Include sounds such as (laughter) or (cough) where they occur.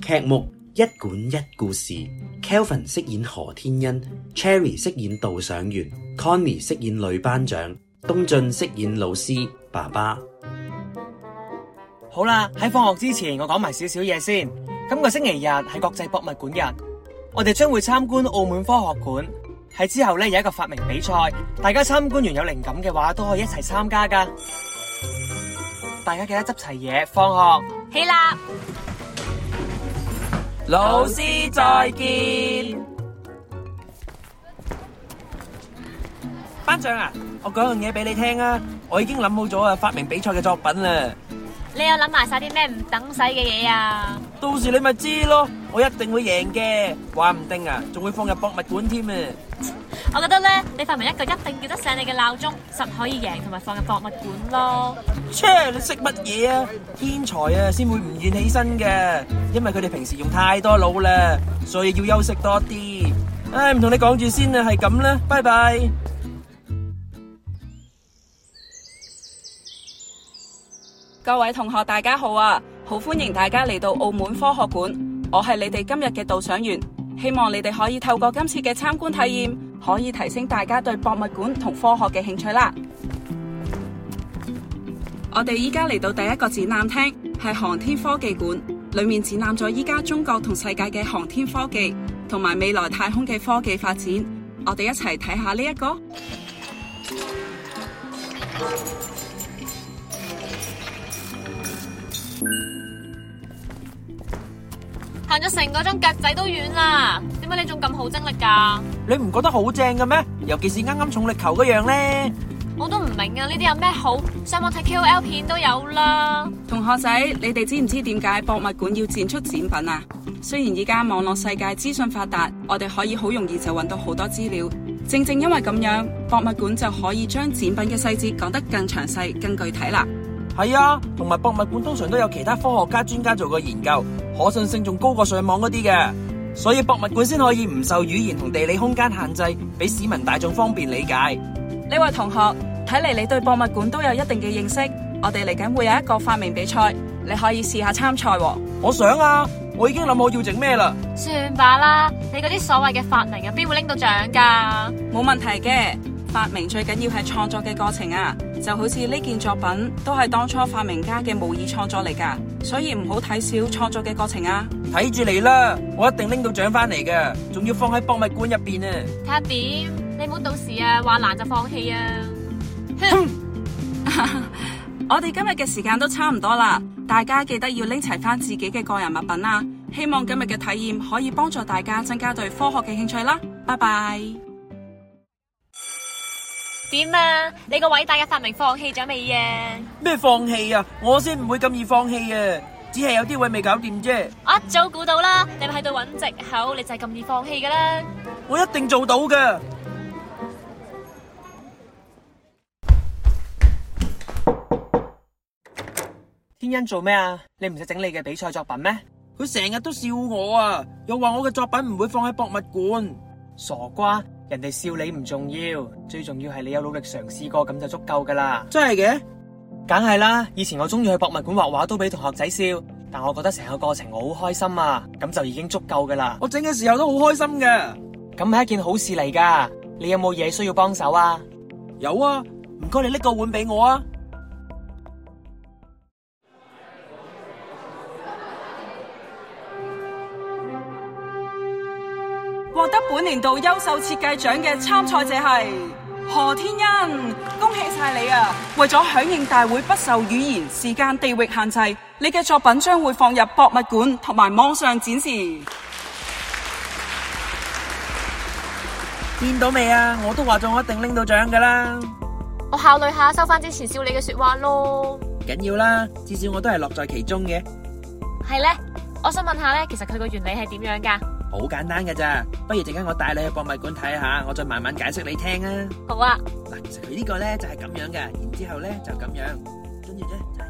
劇目一館一故事，Kelvin 飾演何天恩，Cherry 飾演導賞員，Connie 飾演女班長，東俊飾演老師爸爸。好啦，喺放學之前，我講埋少少嘢先。今個星期日係國際博物館日，我哋將會參觀澳門科學館。喺之後咧，有一個發明比賽，大家參觀完有靈感嘅話，都可以一齊參加噶。大家記得執齊嘢，放學。係啦。老師再見，班長啊！我講樣嘢俾你聽啊！我已經諗好咗啊發明比賽嘅作品啦！你又諗埋晒啲咩唔等使嘅嘢啊？到時你咪知咯，我一定會贏嘅，話唔定啊，仲會放入博物館添啊！我覺得咧，你發明一個一定叫得醒你嘅鬧鐘，實可以贏，同埋放入博物館咯。切，你識乜嘢啊？天才啊，先會唔願起身嘅，因為佢哋平時用太多腦啦，所以要休息多啲。唉，唔同你講住先啦，係咁啦，拜拜。各位同學，大家好啊，好歡迎大家嚟到澳門科學館，我係你哋今日嘅導賞員，希望你哋可以透過今次嘅參觀體驗。可以提升大家對博物館同科學嘅興趣啦！ (noise) 我哋依家嚟到第一個展覽廳，係航天科技館，裏面展覽咗依家中國同世界嘅航天科技，同埋未來太空嘅科技發展。我哋一齊睇下呢一個。 (noise) 咁就成個鐘，腳仔都軟啦，點解你仲咁好精力噶？你唔覺得好正嘅咩？尤其是啱啱重力球嗰樣呢，我都唔明啊！呢啲有咩好？上網睇 KOL 片都有啦。同學仔，你哋知唔知點解博物館要展出展品啊？雖然而家網絡世界資訊發達，我哋可以好容易就揾到好多資料，正正因為咁樣，博物館就可以將展品嘅細節講得更詳細、更具體啦。係啊，同埋博物館通常都有其他科學家專家做過研究。可信性仲高過上網嗰啲嘅，所以博物館先可以唔受語言同地理空間限制，俾市民大眾方便理解。呢位同學，睇嚟你對博物館都有一定嘅認識，我哋嚟緊會有一個發明比賽，你可以試下參賽喎。我想啊，我已經諗好要整咩啦。算罷啦，你嗰啲所謂嘅發明，邊會拎到獎㗎？冇問題嘅。發明最緊要係創作嘅過程啊，就好似呢件作品都係當初發明家嘅模擬創作嚟噶，所以唔好睇少創作嘅過程啊。睇住你啦，我一定拎到獎翻嚟嘅，仲要放喺博物館入邊啊！睇下點，你唔好到時啊話難就放棄啊。 (laughs) (laughs) 我哋今日嘅時間都差唔多啦，大家記得要拎齊翻自己嘅個人物品啦。希望今日嘅體驗可以幫助大家增加對科學嘅興趣啦。拜拜。點啊！你個偉大嘅發明放棄咗未啊？咩放棄啊？我先唔會咁易放棄啊，只係有啲位未搞掂啫。我一早估到啦，你咪喺度揾藉口，你就係咁易放棄噶啦。我一定做到㗎。天恩做咩啊？你唔使整理嘅比賽作品咩？佢成日都笑我啊，又話我嘅作品唔會放喺博物館，傻瓜。人哋笑你唔重要，最重要係你有努力嘗試過，咁就足夠噶啦。真係的嘅？梗係啦。以前我中意去博物館畫畫，都俾同學仔笑，但我覺得成個過程我好開心啊，咁就已經足夠噶啦。我整嘅時候都好開心嘅，咁係一件好事嚟噶。你有冇嘢需要幫手啊？有啊，唔該，你拎個碗俾我啊。獲得本年度優秀設計獎嘅參賽者係何天恩，恭喜晒你啊！為咗響應大會不受語言、時間、地域限制，你嘅作品將會放入博物館同埋網上展示。見到未啊？我都話咗我一定拎到獎噶啦！我考慮下收翻之前笑你嘅說話咯。唔緊要啦，至少我都係樂在其中嘅。係咧，我想問下咧，其實佢個原理係點樣噶？好簡單嘅啫，不如陣間我帶你去博物館睇下，我再慢慢解釋你聽啊。好啊，嗱，其實佢呢個呢就係咁樣嘅，然之後呢就咁樣。跟住呢。